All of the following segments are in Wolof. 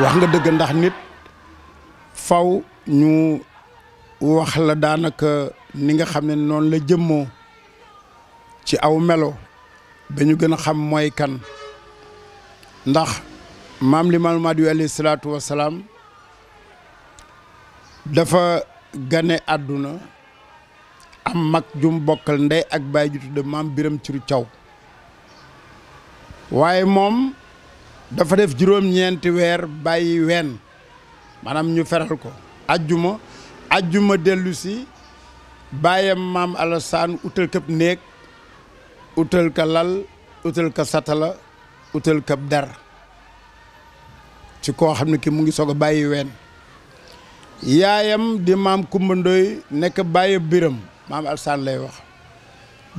wax nga dëgg ndax nit faw ñu wax la daanaka ni nga xam ne noonu la jëmmoo ci aw melo ba ñu gën a xam mooy kan ndax maam Limaamu Mahdi alayhi salaatu wasalaam dafa gane àdduna am mag jum bokkal ndey ak baay ju tudde maam Biram Ciru Caw waaye moom dafa def juróom-ñeenti weer bàyyi ween maanaam ñu feral ko ajjuma ajjuma dellusi si bàyyam maam Alassane utal këb néeg utal ka lal utal ka satala utal këb dar ci koo xam ne ki mu ngi soog a bàyyi ween yaayam di maam Kumba nekk bàyyi biram maam Alassane lay wax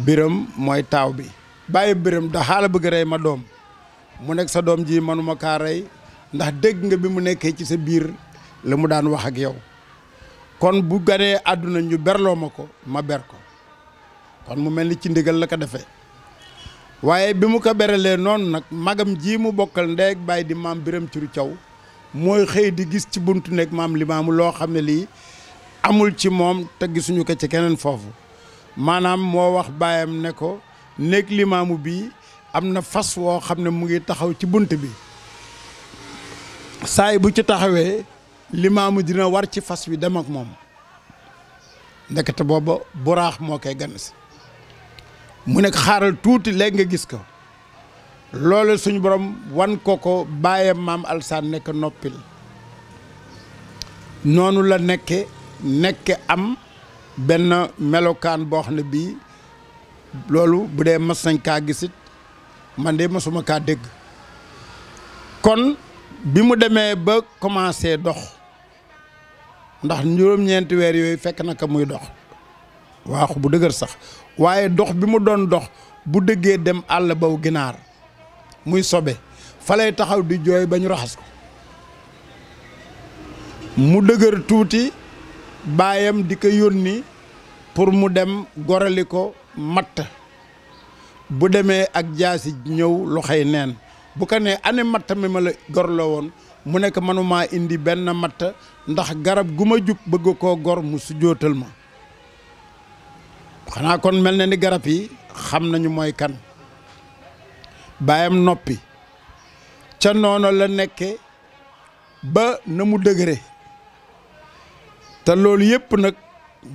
biram mooy taaw bi bàyyi biram da xaala bëgg rey ma doom mu nekk sa doom ji manuma kaa rey ndax dégg nga bi mu nekkee ci sa biir la mu daan wax ak yow kon bu ganee àdduna ñu berloo ma ko ma ber ko kon mu mel ni ci ndégal la ko defe waaye bi mu ko beralee noonu nag magam ji mu bokkal ndey ak baay di maam biram ciru caw mooy xëy di gis ci bunt nekk maam limaamu loo xam ne lii amul ci moom te gisuñu ko ci keneen foofu maanaam moo wax baayam ne ko néeg limaamu bii am na fas woo xam ne mu ngi taxaw ci bunt bi saay bu ci taxawee limaamu dina war ci fas wi dem ak moom ndekete booba buraax moo koy gan si mu nekk xaaral tuuti léegi nga gis ko loolu suñu borom wan ko ko bàyyam maam alsaan nekk noppil noonu la nekke nekke am benn melokaan boo xam ne bii loolu bu dee mas nañ kaa gisit man de masuma kaa dégg kon bi mu demee ba commencé dox ndax juróom-ñeenti weer yooyu fekk na ko muy dox waaxu bu dëgër sax waaye dox bi mu doon dox bu dëggee dem àll baw ginaar muy sobe fa taxaw di jooy ba ñu raxas ko mu dëgër tuuti baayam di ko yónni pour mu dem gorali ko matt bu demee ak jaasi ñëw loxo yi neen bu ko nee ane matt mi ma la woon mu nekk manumaa indi benn matt ndax garab gu ma jub bëgg koo gor mu sujjootal ma xanaa kon mel na ni garab yi xam nañu mooy kan baayam noppi ca noonu la nekke ba na mu dëgëre te loolu yépp nag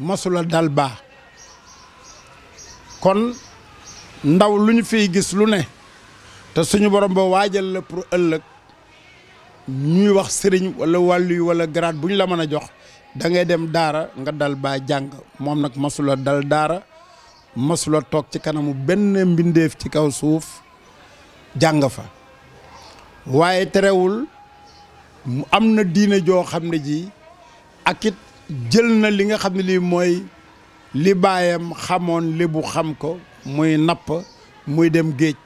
masula dal baa kon ndaw lu ñu fiy gis lu ne te suñu borom ba waajal la pour ëllëg ñuy wax sëriñ wala wàllu wala grade bu ñu la mën a jox dangay dem daara nga dal baa jàng moom nag masula dal daara masula toog ci kanamu benn mbindeef ci kaw suuf jàng fa waaye terewul mu am na diine joo xam ne ji ak it jël na li nga xam ne lii mooy li baayam xamoon li xam ko muy napp muy dem géej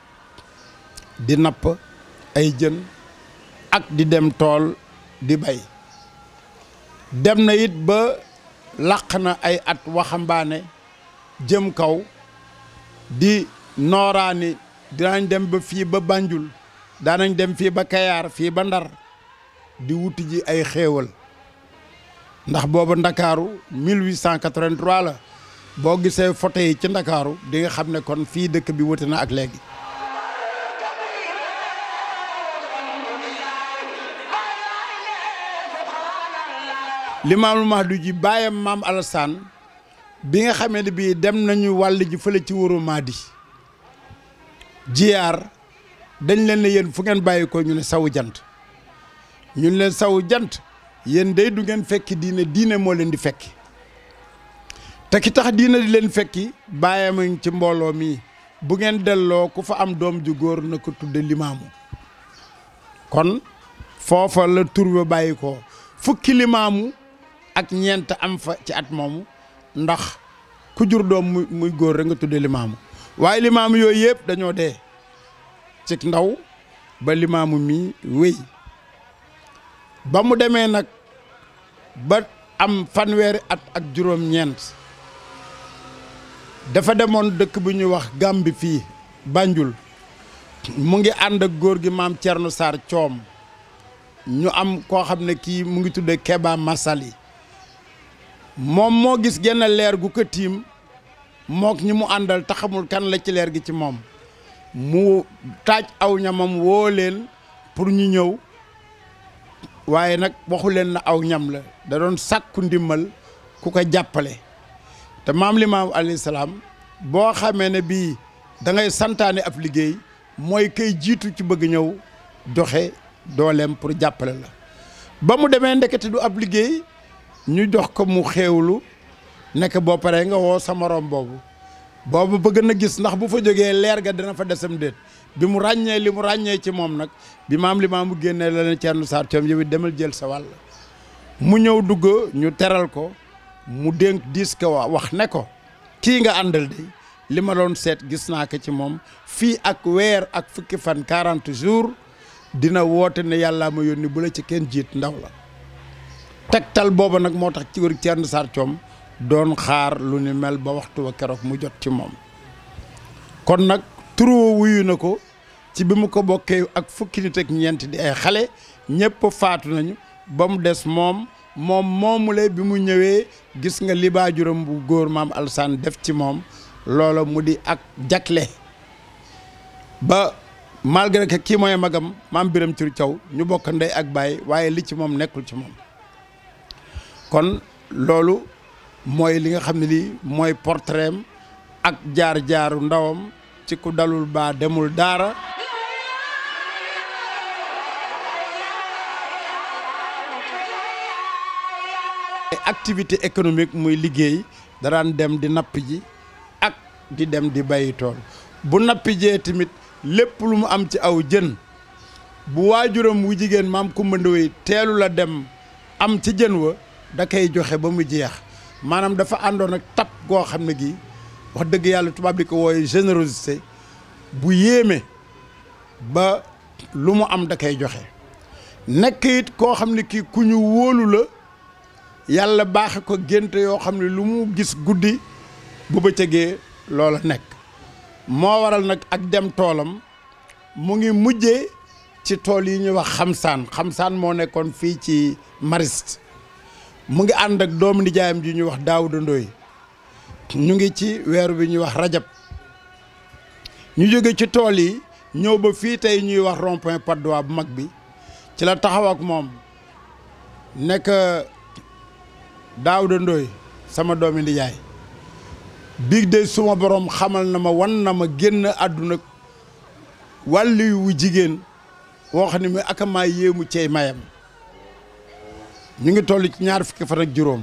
di napp ay jën ak di dem tool di bay dem na it ba làq na ay at waxambaane jëm kaw di nooraani dinañ dem ba fii ba bànjul daanañ dem fii ba Kayaar fii ba Ndar di wuti ji ay xéewal ndax booba Ndakaaru 1883 la boo gisee photo yi ci ndakaaru dinga xam ne kon fii dëkk bi wute na ak léegi limaamul mahdu ji baayam maam Alassane bi nga xamee ne bii dem nañu wàll ji fële ci wóoru Mahdi jiyaar dañ leen ne fu ngeen bàyyi ko ñu ne sawu jant ñun leen sawu jant yéen day du ngeen fekki diine diine moo leen di fekki te ki tax diina di leen fekki bàyyamañ ci mbooloo mi bu ngeen delloo ku fa am doom ju góor na ko tudde limaamu kon foofa la tur ba bàyyi ko fukki limaamu ak ñeent am fa ci at moomu ndax ku jur doom muy góor rek nga tudde limaamu waaye limaamu yooyu yëpp dañoo dee ci ndaw ba limaamu mi wéy ba mu demee nag ba am fanweeri at ak juróom-ñeent dafa demoon dëkk bu ñuy wax Gàmbi fii Banjul mu ngi ànd ak góor gi maam Thierno Sarr Coom ñu am koo xam ne kii mu ngi tuddee Keba Masali moom moo gis genn leer gu ko tiim mook ñi mu àndal te xamul kan la ci leer gi ci moom mu taaj aw ñamam woo leen pour ñu ñëw waaye nag waxu leen na aw ñam la da doon sàkku ndimmal ku ko jàppale te maam limaam alayhi salaam boo xamee ne bii da ngay santaane ab liggéey mooy kay jiitu ci bëgg ñëw joxe dooleem pour jàppale la ba mu demee ndekete du ab liggéey ñu jox ko mu xéewlu nekk boo paree nga woo sa moroom boobu boobu bëgg na gis ndax bu fa jógee leer ga dana fa desam déet bi mu ràññee li mu ràññee ci moom nag bi maam li mu génnee la ne Thierno Sarr Thiam yow it demal jël sa wàll mu ñëw dugg ñu teral ko mu dénk diis ko wax ne ko kii nga àndal de li ma doon seet gis naa ko ci moom fii ak weer ak fukki fan 40 jours dina woote ne yàlla ma ni bu la ci kenn jiit ndaw la tegtal booba nag moo tax ci wër Thierno Sarr Thiome doon xaar lu ni mel ba waxtu wa keroog mu jot ci moom kon nag turu wuyu na ko ci bi mu ko bokkee ak fukki nit ak ñeent di ay xale ñépp faatu nañu ba mu des moom moom moomule bi mu ñëwee gis nga li baajuram bu góor maam alsaan def ci moom loola mu di ak jakle ba malgré que mooy magam maam biram tur caw ñu bokk ndey ak baay waaye li ci moom nekkul ci moom kon loolu mooy li nga xam ne lii mooy portrait ak jaar-jaaru ndawam ci ku dalul baa demul daara activité économique muy liggéey daraan dem di napp ji ak di dem di bàyyi tool bu nappi jee tamit lépp lu mu am ci aw jën bu waajuram wu jigéen maam Kumba Ndoye teelu la dem am ci jën wa da koy joxe ba mu jeex maanaam dafa àndoon ak tap goo xam ne gi wax dëgg yàlla tubaab di ko wooye générosité bu yéeme ba lu mu am da koy joxe nekk it koo xam ne kii ku ñu wóolu la yàlla baaxe ko gént yoo xam ne lu mu gis guddi bu bëccëgee loola nekk moo waral nag ak dem toolam mu ngi mujjee ci tool yi ñuy wax xamsaan xamsaan moo nekkoon fii ci Mariste mu ngi ànd ak doomu nijaayam ji ñuy wax Daawuda Ndoy ñu ngi ci weeru bi ñuy wax rajab ñu jóge ci tool yi ñëw ba fii tey ñuy wax rond-point bu mag bi ci la taxaw ak moom nekk daaw Daawda Ndooy sama doomi ndijaay biig de suma boroom xamal na ma wan na ma génn àdduna wàllu jigéen woo xam ne mi aka maa mayam ñu ngi toll ci ñaar fukki fan juróom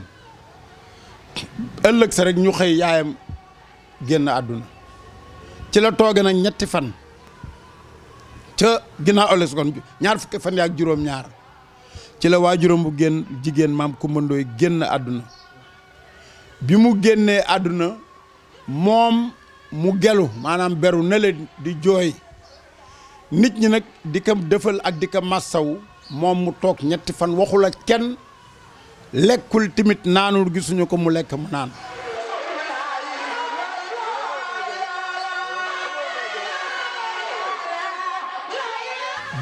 ëllëg sa rek ñu xëy yaayam génn àdduna ci la tooge nag ñetti fan ca ginnaa ëllëg kon ñaar fukki fan yaak juróom ñaar ci la waajuram bu génn jigéen maam Kumba génn àdduna bi mu génnee àdduna moom mu gelu maanaam beru na di jooy nit ñi nag di ko defal ak di ko massaw moom mu toog ñetti fan waxul ak kenn lekkul tamit naanul gisuñu ko mu lekk mu naan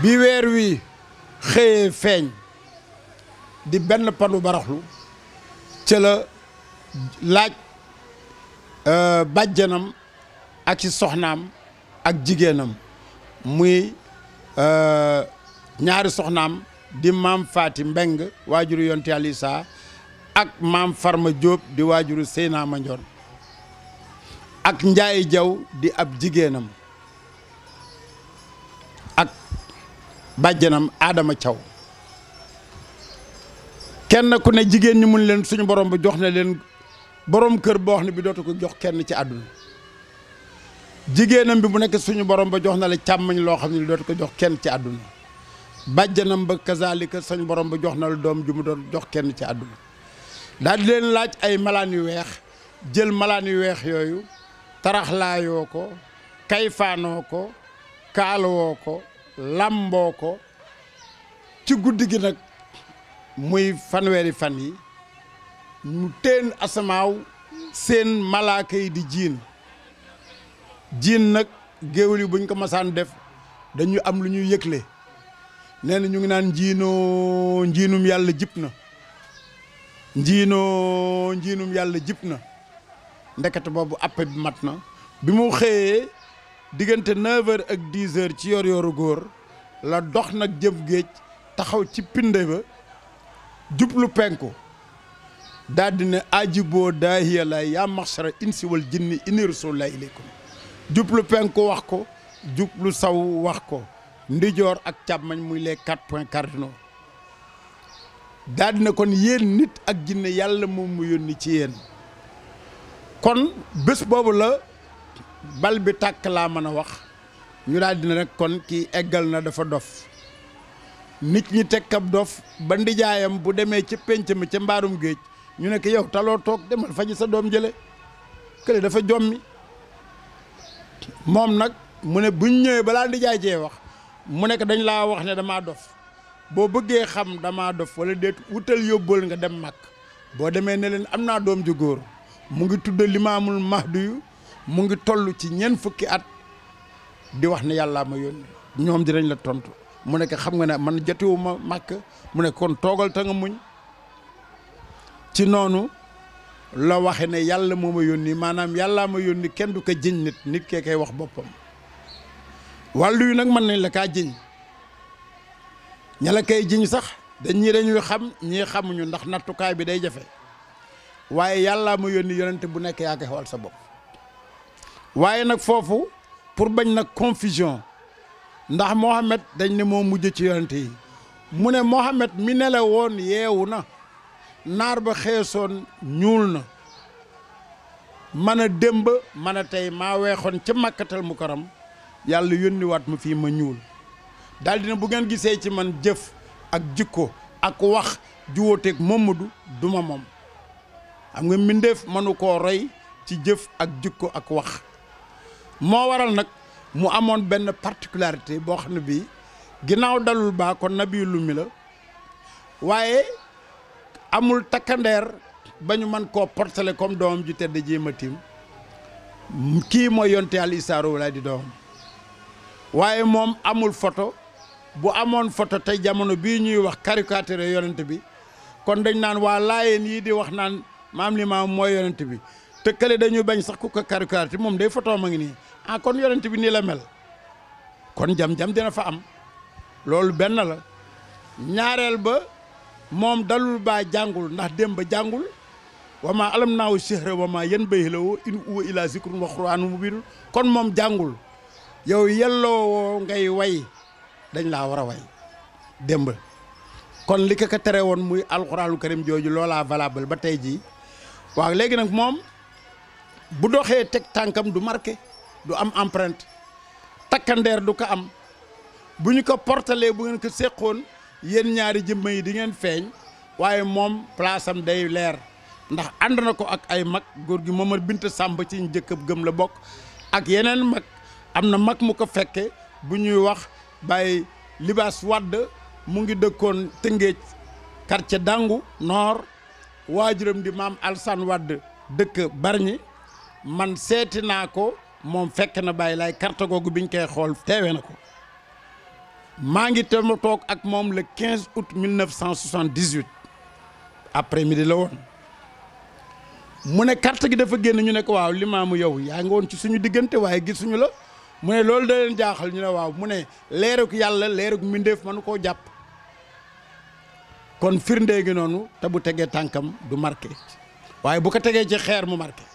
bi weer wi xëyee feeñ di benn panu baraxlu ca la laaj euh, bàjjanam ak i soxnaam ak jigéenam muy euh, ñaari soxnaam di maam faati mbeng waajuru yonte yàlla ak maam farma Diop di waajuru Seyna Mandione ak Njaay Jaw di ab jigéenam ak bàjjanam aadama caw kenn ku ne jigéen ñi mun leen suñu borom ba jox na leen borom kër boo xam ne bi dootu ko jox kenn ci àdduna jigéenam bi bu nekk suñu borom ba jox na la càmmañ loo xam ne dootu ko jox kenn ci àdduna bàjjanam ba kazalika suñu borom ba jox na la doom ju mu doon jox kenn ci àdduna daal leen laaj ay malaan yu weex jël malaan yu weex yooyu taraxlaayoo ko kayfaanoo ko kaalawoo ko làmboo ko ci guddi gi nag muy fanweeri fan yi mu teen asamaaw seen malaaka yi di jiin jiin nag géwél yi buñ ko masaan def dañuy am lu ñuy yëgle nee ñu ngi naan njiinoo njiinum yàlla jib na njiinoo njiinum yàlla jib na ndekete boobu appe mat na bi mu xëyee diggante 9 ak 10 heures ci yor yoru góor la dox nag jëm géej taxaw ci pinde ba jublu penku daldi di ne ajiboo daahiya laay yaa maxsara insi wal jinni inni rasulullah ilaykum jublu penku wax ko jublu saw wax ko ndijoor ak càmmañ muy les quatre points cardinaux daal di ne kon yéen nit ak jinne yàlla moom mu yónni ci yéen kon bés boobu la bal bi tàkk laa mën a wax ñu daldi di ne kon kii eggal na dafa dof nit ñi teg kab dof ba ndijaayam bu demee ci penc mi ca mbaarum géej ñu nekk yow taloo toog demal faji sa doom jële kële dafa jommi moom nag mu ne buñ ñëwee balaa ndijaay jee wax mu nekk ko dañ laa wax ne damaa dof boo bëggee xam damaa dof wala déet wutal yóbbal nga dem mag boo demee ne leen am naa doom ju góor mu ngi tudd limaamul mahdiyu mu ngi toll ci ñeent fukki at di wax ne yàllaa ma yónni ñoom dinañ la tontu. mu nekk xam nga ne man jatiwuma màkk mu ne kon toogal ta muñ ci noonu la waxe ne yàlla moo ma yónni maanaam yàllaa ma yónni kenn du ko jiñ nit nit kee koy wax boppam wàllu yu nag mën nañ la kaa jiñ ña la jiñ sax dañ ñi dañuy xam ñii xamuñu ndax nattukaay bi day jafe waaye yàllaa ma yónni yonent bu nekk yaa koy xool sa bopp waaye nag foofu pour bañ nag confusion ndax Mohamed dañ ne moo mujj ci yonente yi mu ne Mohamed mi nele woon yeewu na naar ba xeesoon ñuul na man a démb man a tey ma weexoon ca màkkatal mu karam yàlla yónniwaat ma fii ma ñuul daldi dina buggeen gisee ci man jëf ak jikko ak wax juwóoteeg Mamadu duma moom xam nga mbindeef mënu koo roy ci jëf ak jikko ak wax moo waral nag mu amoon benn particularité boo xam ne bii ginnaaw dalul baa kon nabi lu mi la waaye amul takkandeer ba ñu mën koo portale comme doomam ju tedd jéem a tiim kii mooy yonte al isaaru wala di doom waaye moom amul photo bu amoon foto tey jamono bii ñuy wax caricature yonent bi kon dañ naan waa laayeen yii di wax naan maam li maam mooy yonent bi te kële dañuy bañ sax ku ko caricature moom day photo ma ngi nii ah kon yonent bi nii la mel kon jam-jam dina fa am loolu benn la ñaareel ba moom dalul baa jàngul ndax dem ba jàngul wama alam naaw sihra wama yan bay lawo in uwa ila zikrun wa qur'anun mubin kon moom jàngul yow yelloo ngay way dañ laa war a way démb kon li ko ko tere woon muy alxuraanul karim jooju loolaa valable ba tey jii waaw léegi nag moom bu doxee teg tànkam du marqué du am empreinte takkandeer du ko am bu ñu ko portalee bu ngeen ko séqoon yéen ñaari jëmm yi di ngeen feeñ waaye moom place day leer ndax ànd na ko ak ay mag góor gi Momar bint Sàmb ci njëkkab gëm la bokk ak yeneen mag am na mag mu ko fekke bu ñuy wax bay libaas wadd mu ngi dëkkoon Tëngéej quartier Dangu Nord waajuram di maam Alsan Wadd dëkk Bargny man seeti naa ko moom fekk na bàyyi laay carte googu ñu koy xool teewee na ko maa ngi te ma toog ak moom le 15 août 1978 après midi la woon mu ne carte gi dafa génn ñu ne ko waaw limaamu yow yaa ngi woon ci suñu diggante waaye gisuñu la mu ne loolu da leen jaaxal ñu ne waaw mu ne leeruk yàlla leeruk mbindeef mënu koo jàpp kon firndee ngi noonu te bu tegee tànkam du marqué waaye bu ko tegee ci xeer mu marqué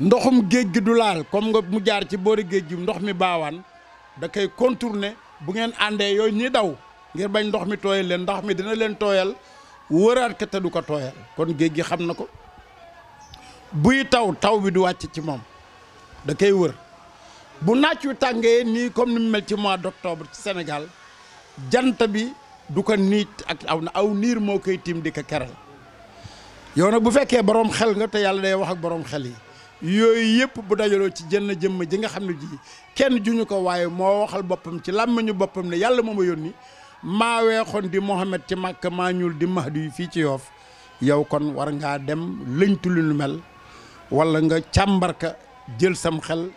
ndoxum géej gi du laal comme nga mu jaar ci boori géej gi ndox mi baawaan da koy contourner bu ngeen àndee yooyu ñuy daw ngir bañ ndox mi tooyal leen ndox mi dina leen tooyal wëraat ko te du ko tooyal kon géej gi xam na ko buy taw taw bi du wàcc ci moom da kay wër bu naaj wi tàngee nii comme ni mu mel ci mois d'octobre ci senegal jant bi du ko niit ak aw na aw niir moo koy tiim di ko keral yow nag bu fekkee boroom xel nga te yàlla day wax ak boroom xel yi yooyu yëpp bu dajaloo ci jenn jëmm ji nga xam ne ji kenn ñu ko waaye moo waxal boppam ci làmmiñu boppam ne yàlla moom ma yónni maa weexoon di Mohamed ci Màkka maa ñuul di Mahdi yu fii ci Yoof yow kon war ngaa dem lëñtu lu mel wala nga càmbarka jël sam xel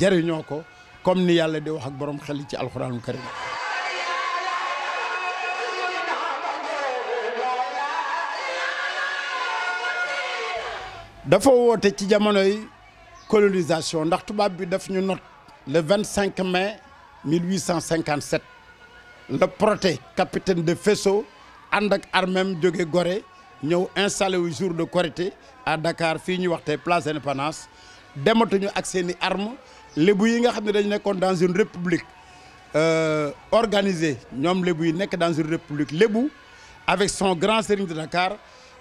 jariñoo ko comme ni yàlla di wax ak borom xel yi ci alxuraanul karim dafa woote ci jamonoy colonisation ndax tubaab bi def ñu not le 25 mai 1857 la Protet capitaine de faisceau ànd ak armem jóge Gorée ñëw installé wu jour de Korité à Dakar fii ñuy waxte tey place Indépendance dematuñu ak seen i armes lébu yi nga xam ne dañu nekkoon dans une république euh, organisée ñoom lébu yi nekk dans une république lébu avec son grand serigne de Dakar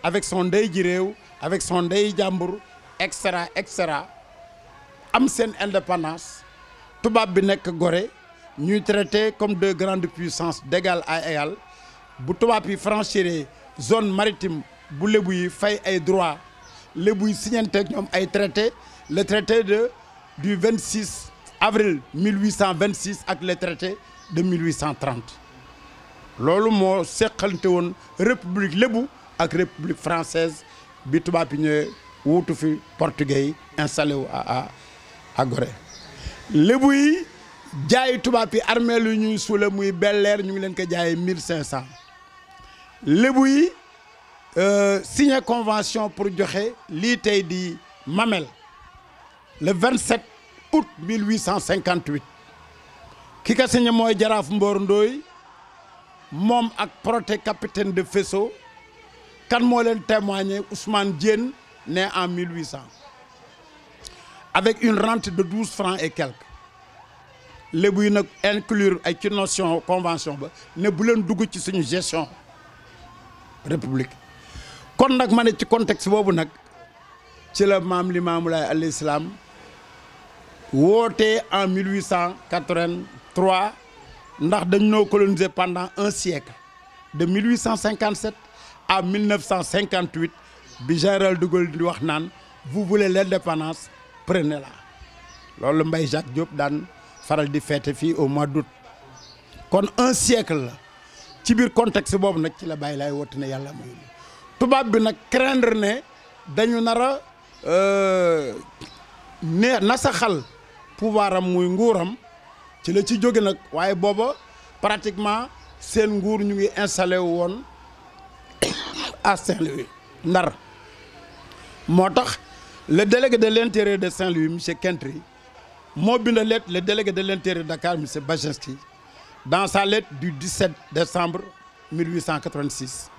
avec son ndey ji réew avec son day jàmbur et cetera et cetera am seen indépendance tubaab bi nekk Gorée ñuy traité comme deux grandes puissances d'égal à égal bu tubaab yi franchiré zone maritime bu lébu fay ay droit lébu yi signanteeg ñoom ay traité le traité de du 26 avril 1826 ak le traité de 1830 loolu moo seqante woon république lébu ak république française bi tubaab bi ñëwee wuutu fi portugais yi installé wu à à Gorée lébu yi jaay tubaab yi armeel yu ñuy suule muy belleer ñu ngi leen ko jaay mille cinq cent lébu yi euh, signé convention pour joxe lii tey di Mamel le 27 août 1858 ki ka signé mooy jaraaf Mboor Ndooy moom ak proté capitaine de faisceau kan moo leen témoigné Ousmane Diène né en 1800 avec une rente de douze francs et quelques lébu yi nag inclure ay ci notion convention ba ne buleen leen dugg ci suñu gestion république kon nag ma ne ci contexte boobu nag ci la maam Limaamu Laay alayhi salaam wootee en 1883 ndax dañ noo coloniser pendant un siècle de à 1958 bi général de Gaulle di wax naan vous voulez l'indépendance prenez-la loolu Mbaye Jacques Diop daan faral di feete fii au mois d'août kon un siècle la ci biir contexte boobu nag ci la bay laay woote ne yàlla mooy tubaab bi nag craindre ne dañu nar a euh, ne nasaxal pouvoir am muy nguuram ci la ci jóge nag waaye booba pratiquement seen nguur ñu ngi installé wu woon à Saint-Louis Ndar moo tax le délégué de l'intérieur de Saint-Louis monsieur Kentry moo bind lettre le délégué de l'intérieur de Dakar monsieur Bajenski dans sa lettre du 17 décembre 1886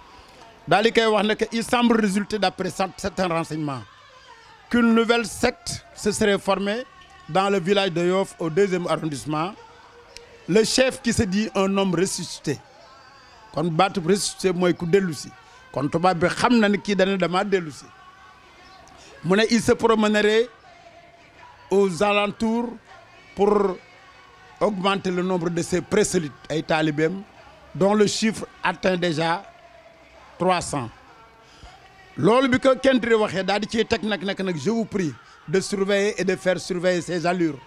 daal di koy wax ne que il semble résulter d'après certains renseignements qu'une nouvelle secte se serait formée dans le village de Yoff au deuxième arrondissement le chef qui se dit un nombre ressuscité kon baatub ressuscité mooy ku dellu si kon tubaab bi xam na ni kii dana dama dellu si mu ne il se promènerait aux alentours pour augmenter le nombre de ses prosélytes ay taalibeem dont le chiffre atteint déjà trois cents loolu bi ko Kendrick waxee daal di ciy teg nag nag nag je vous prie de surveiller et de faire surveiller ses allures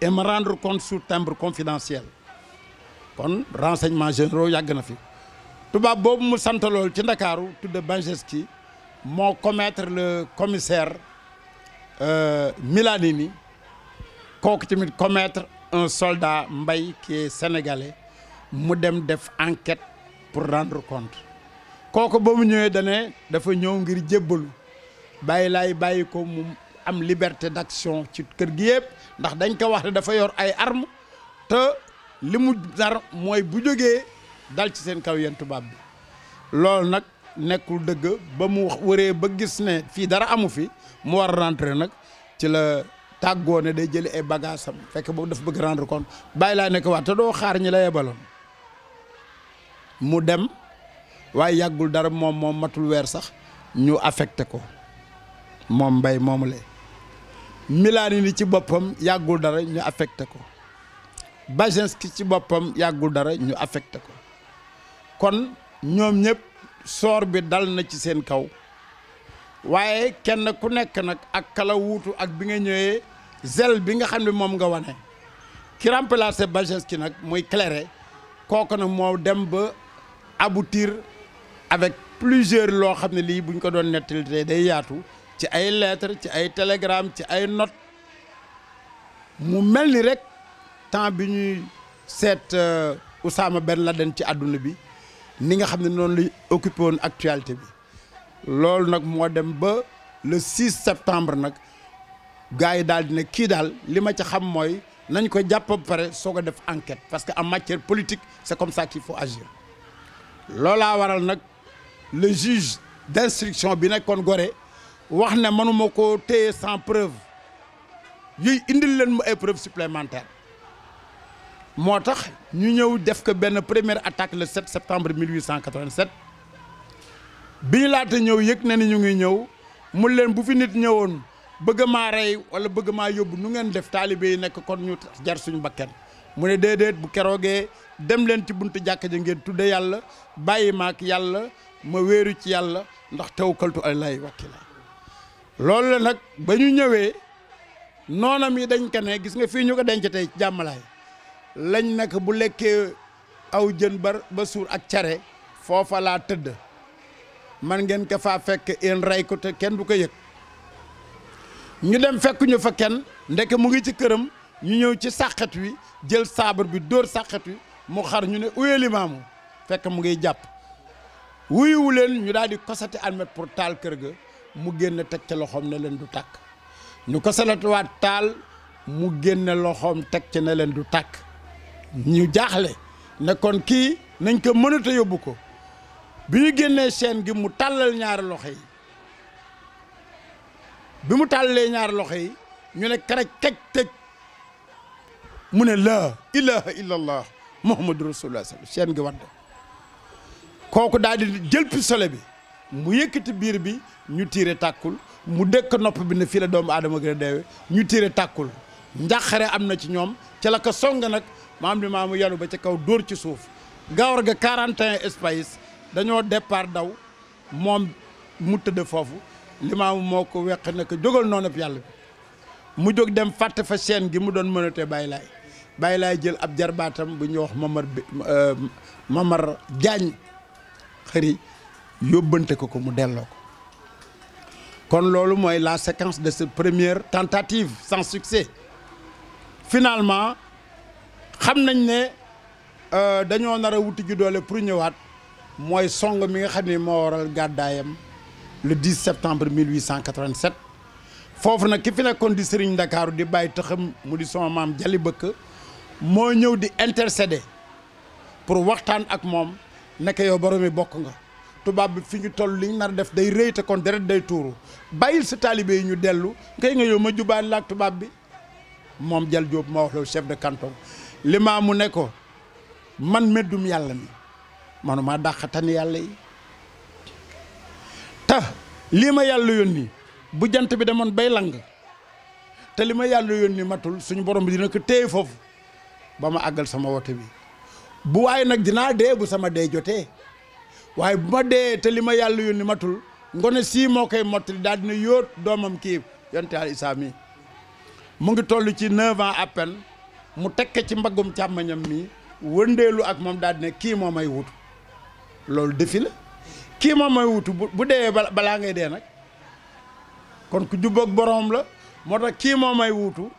et me rendre compte sous timbre confidentiel kon renseignements généraux yàgg na fi tubaab boobu mu sant lool ci ndakaaru tudde Banjeski moo commettre le commissaire euh, Milanini kooku tamit commettre un soldat mbay qui est mu dem def enquête pour rendre compte kooku ba mu ñëwee dane dafa ñëw ngir jébbalu bàyyi laay bàyyi ko mu am liberté d'action ci kër gi yëpp ndax dañ ko wax ne dafa yor ay armes te li mu nar mooy bu jógee dal ci seen kaw yéen tubaab bi loolu nag nekkul dëgg ba mu wëree ba gis ne fii dara amu fi mu war a rentré nag ci la tàggoo ne day jëli ay bagages fekk boobu dafa bëgg rendre compte bàyyi laa nekk wax te doo xaar ñi la yebaloon mu dem waaye yàggul dara moom moom matul weer sax ñu affecté ko moom mbay moomu la Milani ni ci boppam yàggul dara ñu affecté ko ki ci boppam yàggul dara ñu affecté ko kon ñoom ñëpp soor bi dal na ci seen kaw waaye kenn ku nekk nag ak kala ak bi nga ñëwee zel bi nga xam ne moom nga wane ki remplacé ki nag muy Cléré kooku nag moo dem ba aboutir avec plusieurs loo xam ne lii buñ ko doon nettali day yaatu ci ay lettres ci ay télégramme ci ay notes mu mel ni rek temps bi ñuy seet euh, Oussama Ben Laden ci àdduna bi ni nga xam ne noonu lañ occupé actualité bi loolu nag moo dem ba le 6 septembre nag gars yi daal dina kii daal li ma ci xam mooy nañ ko jàpp bu pare soog a def enquête parce que en matière politique c'est comme ça qu'il faut agir loolaa waral nag le juge d'instruction bi kon gore wax ne mënuma ko téye sans preuve yooyu indil leen mu ay preuves supplémentaires moo tax ñu ñëw def ko benn première attaque le 7 septembre 1887 bi ñu laata ñëw yëg na ni ñu ngi ñëw mun leen bu fi nit ñëwoon bëgg maa rey wala bëgg maa yóbbu nu ngeen def taalibe yi nekk kon ñu jar suñu bakken mu ne déedéet bu keroogee dem leen ci buntu jàkk ja ngeen tudde yàlla bàyyi ma yàlla ma wéeru ci yàlla ndax tawakkaltu alay wakkila loolu la nag ba ñu ñëwee noonam yi dañ ko ne gis nga fii ñu ko denc tey jàmmalaay lañ nekk bu lekkee aw jën ba suur ak cere foofa laa tëdd man ngeen ko faa fekk in rey ko te kenn du ko yëg ñu dem fekk fa kenn ndeke mu ngi ci këram ñu ñëw ci sàqet wi jël saabar bi dóor sàqet wi mu xar ñu ne uye limaamu fekk mu ngiy jàpp wuyuwu leen ñu daal di kosati almet pour taal kër ga mu génn teg ca loxoom na leen du tàkk ñu kosatiwaat taal mu génne loxoom teg ca na leen du tàkk ñu jaaxle ne kon kii nañ ko mënata yóbbu ko bi ñu génnee seen gi mu tàllal ñaari loxo yi bi mu tàllalee ñaari loxo yi ñu ne karaj kaj tëj mu ne laa ilaha illallah muhammadu rasulullah sal seen gi wadd kooku daal di jël pistolet bi mu yëkkati biir bi ñu tiire tàkkul mu dëkk nopp bi ne fii la doomu aadama gën ñu tiire tàkkul njàqare am na ci ñoom ca la ko song nag maam li maamu yanu ba ci kaw dóor ci suuf gawar ga 41 espace dañoo départ daw moom mu tëdd foofu limaamu moo ko weq ne ko jógal noonu yàlla bi mu jóg dem fàtte fa chaîne gi mu doon mënatee Baye Laye Baye Laye jël ab jarbaatam bu ñuy wax Mamar Mamar Jaañ xëri yóbbante ko ko mu delloo ko kon loolu mooy la séquence de se première tentative sans succès finalement xam nañ ne euh, dañoo nar a wuti ji doole pour ñëwaat mooy song mi nga xam ne moo waral gàddaayam le 10 septembre 1887 foofu nag ki fi nekkoon di Serigne Ndakaaru di bàyyi tëxam mu di sama maam Jali Bëkk moo ñëw di intercéder pour waxtaan ak moom nekk yow borom mi bokk nga tubaab bi fi ñu toll liñ nar def day rëy te kon deret day tuuru bàyyil si taalibe yi ñu dellu kay nga yow ma jubaan laak tubaab bi moom Jal Diop moo wax loolu de canton limaamu ne ko man meddum yàlla mi manuma dàqatan yàlla yi te lii ma yàlla yónni bu jant bi demoon bay lang te li ma yàlla yónni matul suñu borom bi dina ko téye foofu ba ma àggal sama wote bi bu waaye nag dinaa dee bu sama dee jotee waaye bu ma dee te li ma yàlla yónni matul ngone sii moo koy mottali daal dina yóot doomam kii yonte al isaa mu ngi toll ci neuf ans mu tekk ci mbaggum càmmañam mi wëndeelu ak moom daal ne kii moo may wutu loolu defi la kii moo may wutu bu deewee balaa ngay dee nag kon ku jubboog boroom la moo tax kii moo may wutu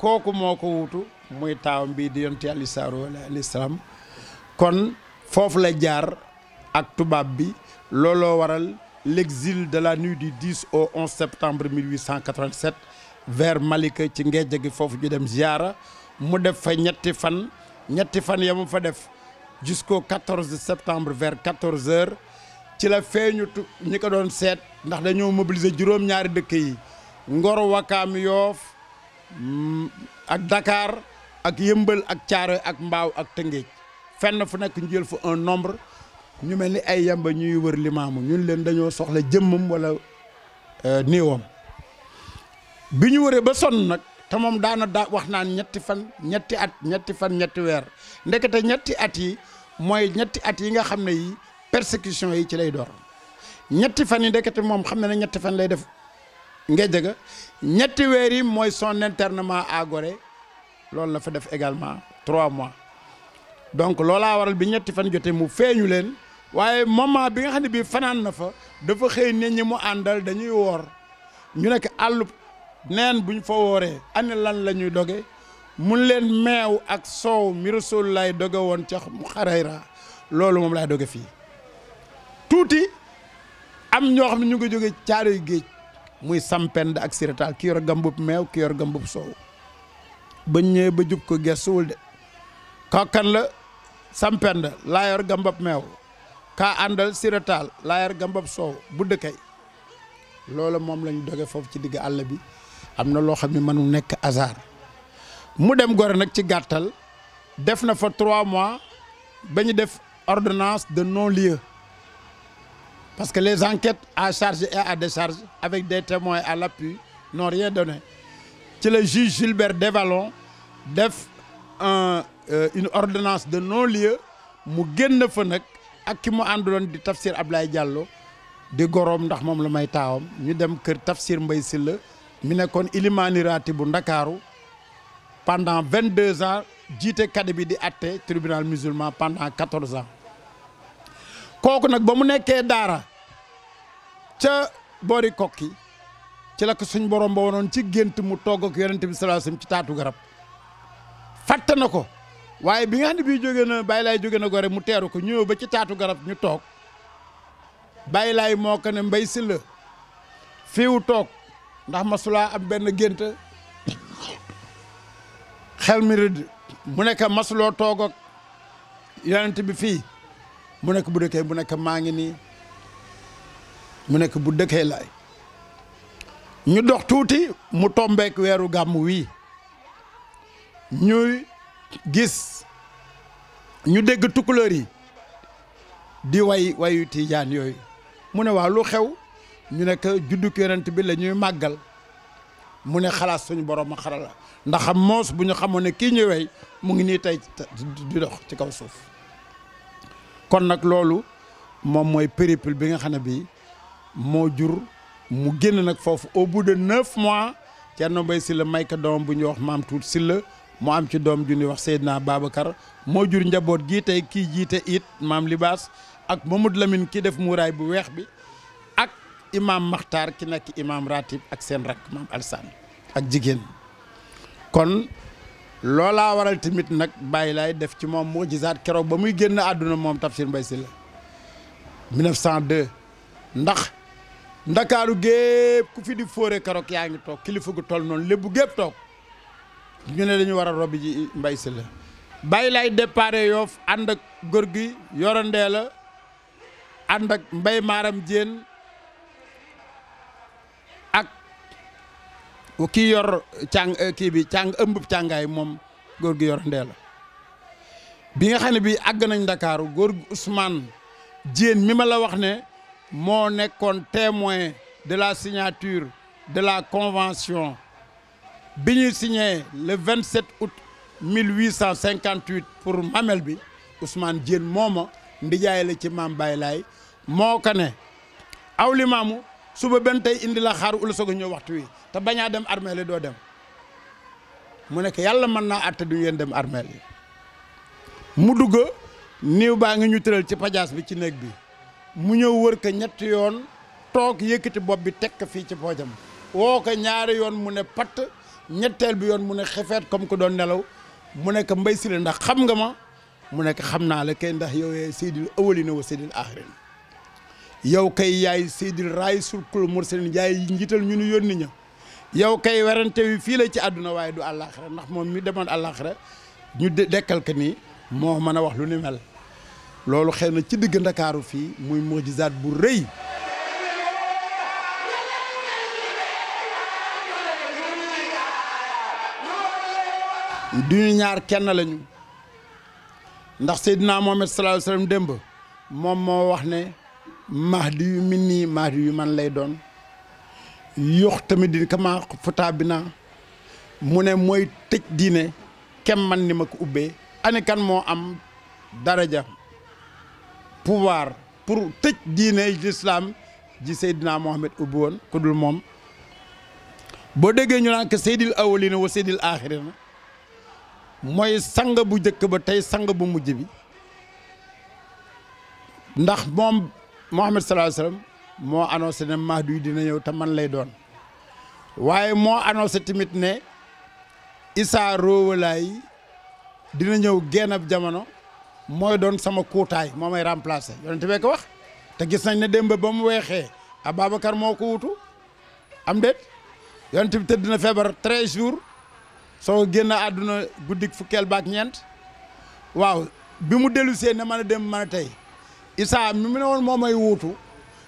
kooku moo ko wutu muy taawam bii di yonti ali saaru alayhi salaam kon foofu la jaar ak tubaab bi looloo waral l'exil de la nuit du au 11 septembre 1887 vers Malika ci ngejje gi foofu ñu dem ziara mu def fa ñetti fan ñetti fan yamu fa def jusqu'au 14 septembre vers 14 heures ci la feeñu ñi ko doon seet ndax dañoo mobiliser juróom-ñaari dëkk yi Ngor Wakaam Yoof mm, ak dakaar ak yëmbël ak Caaro ak Mbaaw ak Tëngéej fenn fu nekk ñu jël fa un nombre ñu mel ni ay yamba ñuy wër limaamu ñun leen dañoo soxla jëmmam wala euh, néewam bi ñu wëree ba sonn nag te moom daana daa wax naan ñetti fan ñetti at ñetti fan ñetti weer ndekete ñetti at yi mooy ñetti at yi nga xam ne yi persécution yi ci lay door ñetti fan yi ndekete moom xam ne na ñetti fan lay def ngejje jega ñetti weer yi mooy son internement à Gorée loolu la fa def également trois mois donc loolaa waral bi ñetti fan jotee mu feeñu leen waaye moment bi nga xam ne bii fanaan na fa dafa xëy nit ñi mu àndal dañuy woor ñu nekk àllub neen buñ fa wooree ane lan la ñuy doge mu leen meew ak soow mi rasul lay doge woon ca xarayra loolu moom lay doge fii tuuti am ñoo xam ne ñu ngi jóge caaroy géej muy sampend ak sirataal ki yor gambub meew kii yor gambub soow ba ñëwee ba jub ko gestuwul de kookan la sampend laa yor meew kaa àndal sirataal laa yor soow bu dëkkay loolu moom lañ doge foofu ci digg àll bi am na loo xam ne mënul nekk hasard mu dem gore nag ci gàttal def na fa trois mois ba ñu def ordonnance de non lieu parce que les enquêtes à charge et à décharge avec des témoins à l'appui n'ont rien donné ci le juge Gilbert Devalon def un euh, une ordonnance de non lieu mu génn fa nag ak ki mu ànduloon di Tafsir Ablaye Diallo di goroom ndax moom la may taawam ñu dem kër Tafsir Mbaye Sylla mi nekkoon ilimaani raati bu ndakaaru pendant vingt deux ans jiite kadi bi di atte tribunal musulman pendant quatorze ans kooku nag ba mu nekkee daara ca boori kokki ci la ko suñ borom ba wonoon ci gént mu toog ak yonente bi sallallahu alayhi wasallam ci taatu garab fàtte na ko waaye bi nga xam ne bii jóge na bàyyi laay jóge na gore mu teeru ko ñëw ba ci taatu garab ñu toog bàyyi laay moo ko ne mbay si la fiiw toog ndax masulaa am benn gént xel mi rëdd mu nekk masuloo toog ak bi fii mu nekk bu dëkkee bu nekk maa ngi nii mu nekk bu dëkkee laay ñu dox tuuti mu tombeek weeru gàmm wii ñuy gis ñu dégg tukkuleer yi di way wayu tiijaan yooyu mu ne waa lu xew ñu nekk judduk yonent bi la ñuy màggal mu ne xalaat suñu borom ma xarala ndax moos bu ñu xamoon ne kii ñëwee mu ngi nii tey di dox ci kaw suuf kon nag loolu moom mooy périple bi nga xam ne bii moo jur mu génn nag foofu au bout de neuf mois Thierno Mbaye Sylla may ko doom bu ñuy wax maam tuut Sylla mu am ci doom ju ñuy wax Seydina Babacar moo jur njaboot gii tey kii jiite it maam Libaas ak Mamadou Lamine kii def muuraay bu weex bi. imaam Maxtaar ki nekk imaam ratib ak seen rakk maam Alsaan ak jigéen kon loolaa waral tamit nag bàyyi laay def ci moom mujizaat keroog ba muy génn àdduna moom Tafsir Mbaye Sylla 1902 ndax ndakaaru gépp ku fi di fóore keroog yaa ngi toog kilifa gu toll noonu lépp gépp toog ñu ne dañu war a robi ji Mbaye Sylla bàyyi laay déparé yoof ànd ak góor gi la ànd ak mbay maaram jéen kii yor càng eh, kii bi càng ëmb càngaay moom góor gi yor ndee la bi nga xam ne bi àgg nañ Ndakaaru góor gi Ousmane Diène mi ma la wax ne moo nekkoon témoin de la signature de la convention bi ñu signé le 27 août 1858 pour Mamel bi Ousmane Diène mooma ndijaay la ci maam Baye Laay moo ko ne aw limaamu suba benn tey indi la xaar ula soog a ñëw waxtu wi te bañaa dem armeel yi doo dem mu nekk yàlla mën naa àtte du ngeen dem armeel yi mu dugg néew baa ngi ñu tëral ci pajaas bi ci néeg bi mu ñëw wër ko ñetti yoon toog yëkkati bopp bi teg ko fii ci poojam woo ko ñaari yoon mu ne patt ñetteel bi yoon mu ne xefeet comme ko doon nelaw mu nekk mbay si ndax xam nga ma mu nekk xam naa la kay ndax yow yaay seydil awalina wa seydil axirin yow kay yaay seydil raay sulkul mursalin yaay njiital ñu nu yónni ña yow kay werante fii la ci àdduna waaye du àllaaxira ndax moom mi demoon àllaaxira ñu dekkal ko nii moo mën a wax lu ni mel loolu xew na ci digg ndakaaru fii muy mujizaat bu rëy duñu ñaar kenn lañu ndax Seydina Mohamed sallallahu alayhi démb moom moo wax ne mahdi yu min nii mahdi yu man lay doon yox tamit di kama futaa bi mu ne mooy tëj diine kem man ni ma ko ubbe ane moo am daraja pouvoir pour tëj diine l'islam ji Seydina Mohamed ubbi woon ku dul moom boo déggee ñu naan que seydil awalina wa seydil axirina mooy sang bu njëkk ba tey sang bu mujj bi ndax moom Muhammad sallallahu alayhi wasallam moo annoncé ne Mahdi yu dina ñëw te man lay doon waaye moo annoncé tamit ne Isaa Roowalaay dina ñëw genn ab jamono mooy doon sama kuutaay moo may remplacer yonente bee ko wax te gis nañ ne démb ba mu weexee Ababacar moo ko wutu am déet yonente bi tëdd na feebar treize jours soo génn àdduna guddik fukkeel baak ñeent waaw bi mu dellusee ne mën a dem mën a tey Issa mu ne woon moo may wuutu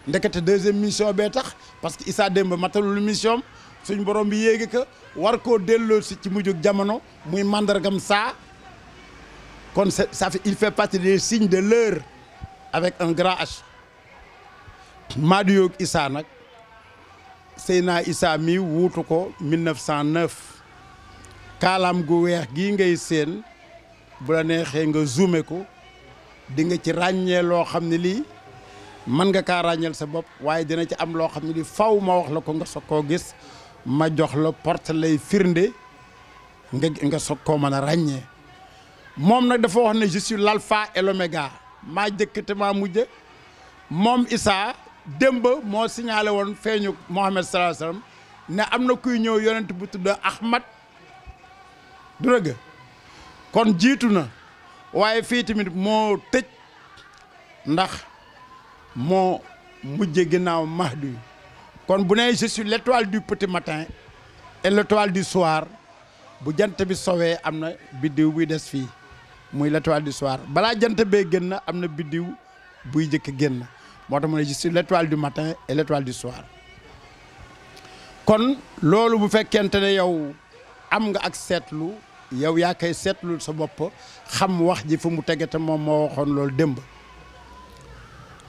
ndekete deuxième mission bee tax parce que Issa démb matalul mission suñ borom bi yéegi ka war koo delloo si ci mujjug jamono muy màndargam saa kon ça fait il fait partie des signes de leur avec un grand H Issa nag na Issa mi wuutu ko 1909 kaalaam gu weex gii ngay seen bula neexee nga zoomé ko dinga ci ràññee loo xam ne lii mën nga kaa ràññeel sa bopp waaye dina ci am loo xam ne lii faw ma wax la ko nga soog koo gis ma jox la porte lay firnde nga nga soog koo mën a ràññee moom na dafa wax ne je suis l'alpha et l'oméga maa jëkk te maa mujj moom Issa démb moo signalé woon feeñu Mouhamed sallallahu ne am na kuy ñëw yonent bu tudd Ahmad du dëgg kon jiitu na waaye fii tamit moo tëj ndax moo mujje ginnaaw Mahdi kon bu nee je suis l'étoile du petit matin et l'étoile du soir bu jant bi sowee am na biddiw buy des fii muy l'étoile du soir balaa jant bee génn am na biddiw buy jëkk génn moo tax mu ne je suis l'étoile du matin et l'étoile du soir kon loolu bu fekkente ne yow am nga ak seetlu yow yaa koy seetlul sa bopp xam wax ji fu mu tege moom moo waxoon loolu démb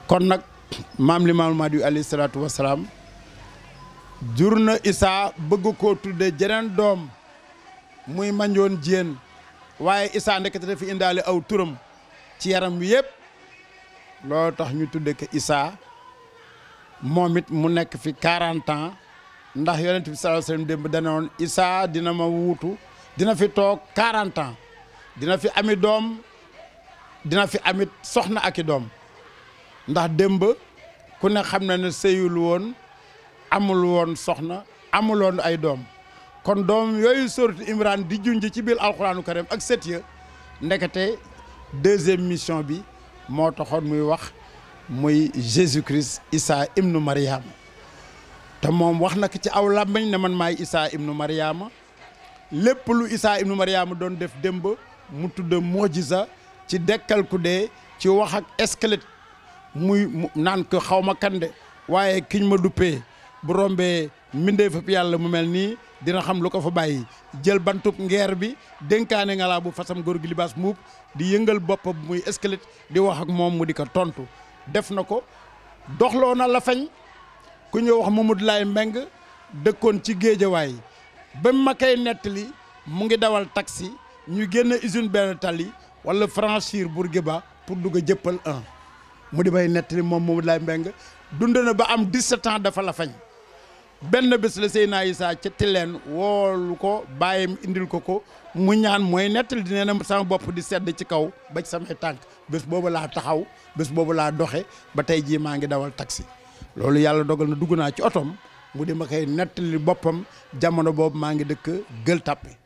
kon nag maam Limaamu Mahdi alayhi salaatu jur na Isaa bëgg ko tudde jeneen doom muy manjoon jéen waaye Isaa ndekete dafa indaale aw turam ci yaram wi yépp loolu tax ñu tudde ko Isaa moom it mu nekk fi 40 ans ndax yonent bi sallallahu alayhi wasallam démb Isaa dina ma wuutu dina fi toog 40 ans dina fi ami doom dina fi amit soxna aki doom ndax démb ku ne xam na ne sëyul woon amul woon soxna amul woon ay doom kon doom yooyu sortu Imran di junj ci biir alxuraanu karim ak sët ya ndekete deuxième mission bi moo taxoon muy wax muy Jésus Christ Isa ibnu Mariama te moom wax na ko ci aw làmmiñ ne man maay Isa ibnu Mariama lépp lu isaa ibnu mariama doon def démb mu tudd mojisa ci dekkal ku dee ci wax ak squelette muy naan ko xaw kande waaye kiñ ma duppee bu rombee mbindee fa yàlla mu mel nii dina xam lu ko fa bàyyi jël bantub ngeer bi dénkaane ngalaa bu fasam góor gi libaas muub di yëngal boppam muy squelette di wax ak moom mu di ko tontu def na ko doxloo na la fañ ku ñëw wax mu Mamadou Laye Mbengue dëkkoon ci géejawaay ba ma koy nettali mu ngi dawal taxi ñu génn usine benn tali wala franchir Bourguiba pour dugg a jëppal un mu di may nettali moom Mamadou Laye mbeng dund na ba am 17 ans dafa la fañ benn bés la Seydina Issa ca Tilène woolu ko bàyyam indil ko ko mu ñaan mooy nettali di nee na sama bopp di sedd ci kaw ba ci samay tànk bés boobu laa taxaw bés boobu laa doxe ba tey jii maa ngi dawal taxi loolu yàlla dogal na dugg naa ci otom bu di ma koy nettali boppam jamono boobu maa ngi dëkk gël Tapée